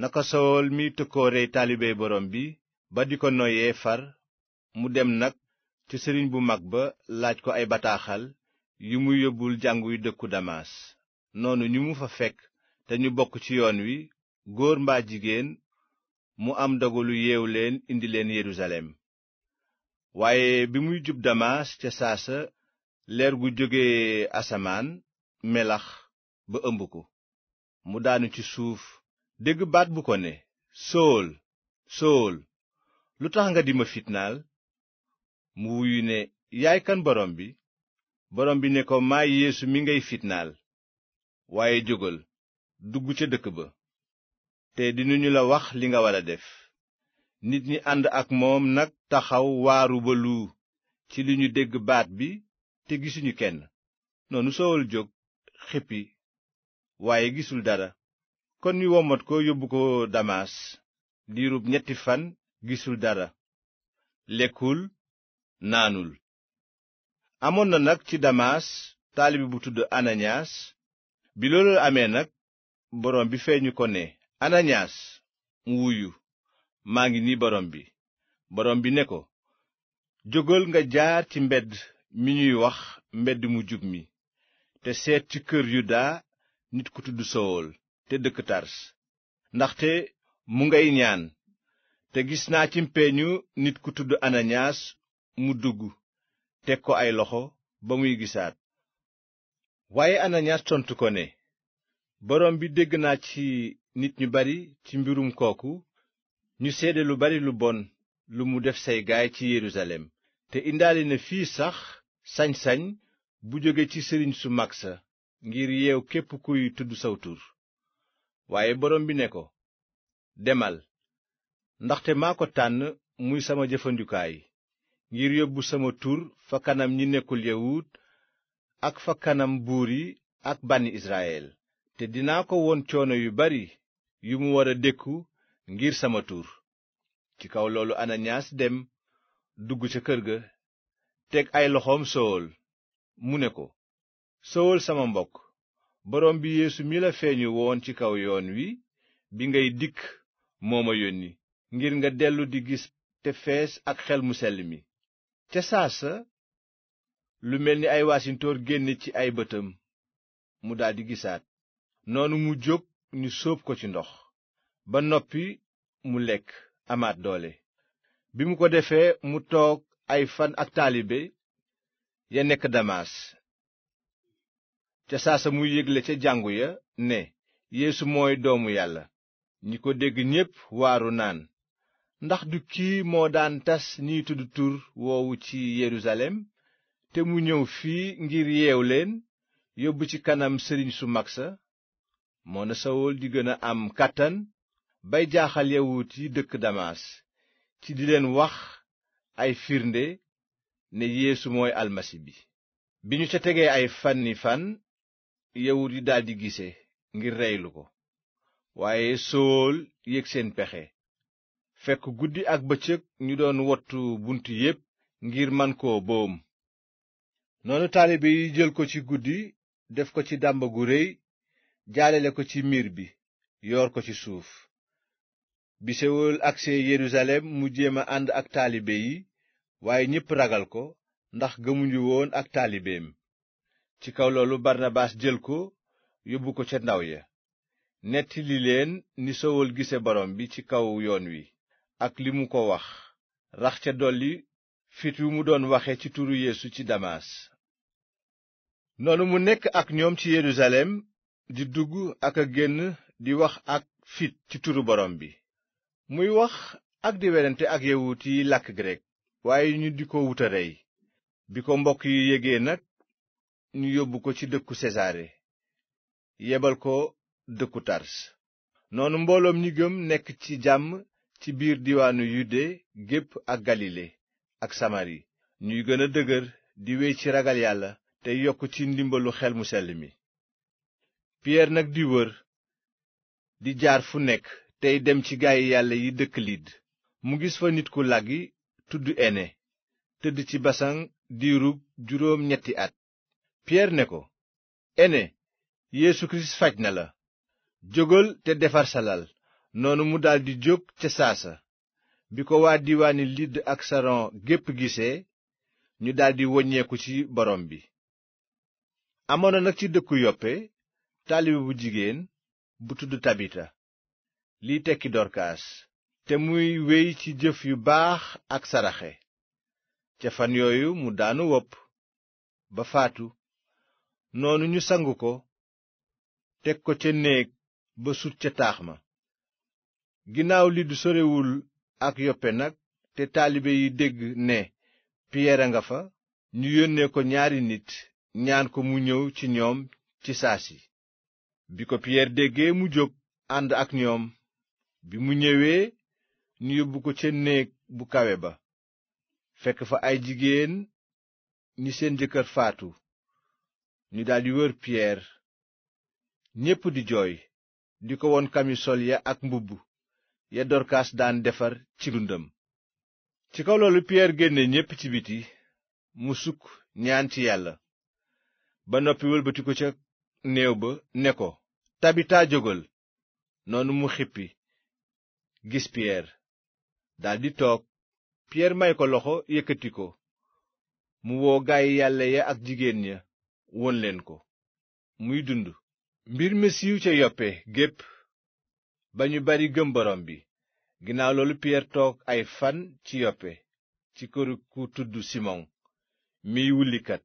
naka sawool mi tëkkoorey taalibe borom bi ba di ko noyee far mu dem nag ci sëriñ bu mag ba laaj ko ay bataaxal yu mu yóbbul jànguy dëkku damaas noonu ñu mu fa fekk te ñu bokk ci yoon wi góor mbaa jigéen mu am dogalu yeew leen indi leen yerusalem waaye bi muy jub damaas ca saasa leer gu jóge asamaan melax ba ëmb ko mu daanu ci suuf dégg baat bu ko ne sóol sóol lu tax nga di ma fitnaal mu wuyu ne yaay kan borom bi borom bi ne ko maay yéesu mi ngay fitnaal waaye jógal dugg ca dëkk ba te dinañu la wax li nga war a def nit ñi ànd ak moom nag taxaw waaru ba luu ci li dégg baat bi te gisuñu kenn noonu soowal jóg xippi waaye gisul dara kon ñu womat ko yóbbu ko damas diirub ñetti fan gisul dara lekkul naanul amoon na nag ci damaas taalibe bu tudd ananiyaas bi loolu amee nag borom bi feeñu ko ne ananiyaas mu wuyu maa ngi ni borom bi borom bi ne ko jógal nga jaar ci mbedd mi ñuy wax mbedd mu jub mi te seet ci kër yuda nit ku tudd sowol te dëkk tars ndaxte mu ngay ñaan te gis naa ci mpeeñu nit ku tudd ananiyaas mu dugg teg ko ay loxo ba muy gisaat waaye ananiyaas tontu ko ne borom bi dégg naa ci nit ñu bari ci mbirum kooku ñu seede lu bari lu bon lu mu def say gaay ci yerusalem te indaale na fii sax sañ-sañ bu jóge ci sëriñ su mag sa ngir yeew képp kuy tudd saw waaye borom bi ne ko demal ndaxte maa ko tànn muy sama jëfandukaay ngir yóbbu sama tur fa kanam ñi nekkul yawut ak fa kanam buur yi ak bànni israyil te dinaa ko won coono yu bari yu mu war a dékku ngir sama tur ci kaw loolu ananiyaas dem dugg ca kër ga teg ay loxoom sowal mu ne ko sowal sama mbokk borom bi yeesu mi la feeñu woon ci kaw yoon wi bi ngay dikk moo ma yónni ngir nga dellu di gis te fees ak xel mu sell mi ca saa sa lu mel ni ay waasintóor génn ci ay bëtam mu daldi gisaat noonu mu jóg ñu sóob ko ci ndox ba noppi mu lekk amaat doole bi mu ko defee mu toog ay fan ak taalibe ya nekk damaas ca saa sa mu yégle ca jàngu ya ne yéesu mooy doomu yàlla ñi ko dégg ñépp waaru naan ndax du kii moo daan tas ñiy tudd tur woowu ci yerusalem te mu ñëw fii ngir yeew leen yóbbu ci kanam sëriñ su mag sa moona sawool di gëna am kàttan bay jaaxal yawut yi dëkk damaas ci di leen wax ay firnde ne yéesu mooy almasi bi bi ñu ca tegee ay fanni fan yawut yi daldi gise ngir reylu ko waaye sóol yëg seen pexe fekk guddi ak bëccëg ñu doon wottu bunt yépp ngir man koo boom noonu taalibe yi jël ko ci guddi def ko ci dàmba gu réy jaalale ko ci miir bi yoor ko ci suuf bi sewol agsee yerusalem mu jéem a ànd ak taalibe yi waaye ñépp ragal ko ndax gëmuñu woon ak taalibeem ci kaw loolu barnabaas jël ko yóbbu ko ca ndaw ya nettali leen ni soowal gise borom bi ci kaw yoon wi ak li mu ko wax rax ca dolli fit wi mu doon waxe ci turu yeesu ci damaas noonu mu nekk ak ñoom ci yerusalem di dugg ak a génn di wax ak fit ci turu borom bi muy wax ak di werante ak yawut yi làkk grek waaye ñu di ko wuta rey bi ko mbokk yi yégee nag ñu yóbbu ko ci dëkku sesaare yebal ko dëkku tars noonu mbooloom ñi gëm nekk ci jàmm ci biir diwaanu yude gépp ak galile ak samari ñuy gën a dëgër di wéy ci ragal yàlla te yokk ci ndimbalu xel mu sell mi piyeer nag di wër di jaar fu nekk tey dem ci gaayi yàlla yi dëkk lidd mu gis fa nit ku làggi tudd ene tëdd ci basaŋ diirub juróom ñetti at piyeer ne ko ene yéesu kirist faj na la jógal te defar sa noonu mu daldi jóg ca saasa bi ko waa diwaani lidd ak saron gépp gisee ñu daldi woññeeku ci borom bi amoon na nag ci dëkku yoppe taalibe bu jigéen bu tudd tabita liy tekki dorkaas te muy wey ci jëf yu baax ak saraxe ca fan yooyu mu daanu wopp ba faatu noonu ñu sang ko teg ko ca néeg ba sut ca taax ma ginnaaw lii du sorewul ak yoppe nag te taalibe yi dégg ne piyeer a nga fa ñu yónnee ko ñaari nit ñaan ko mu ñëw ci ñoom ci saa si bi ko piyeer déggee mu jóg ànd ak ñoom bi mu ñëwee ñu yóbbu ko ca néeg bu kawe ba fekk fa ay jigéen ñi seen jëkkër faatu ñu daldi wër piyeer ñépp di jooy di ko won kamisol ya ak mbubb ya dorkaas daan defar ci dundam ci kaw loolu piyeer génne ñépp ci biti mu sukk ñaan ci yàlla ba noppi wëlbatiku ca néew ba ne ko tabitaa jógal noonu mu xippi gis piyeer daldi toog piyeer may ko loxo yëkkati mu woo gaay yàlla ya ak jigéen ña won leen ko muy dund mbir mi siiw ca yoppe gépp ba ñu bari gëm borom bi ginnaaw loolu piyeer toog ay fan ci yoppe ci kër ku tudd simon miy wullikat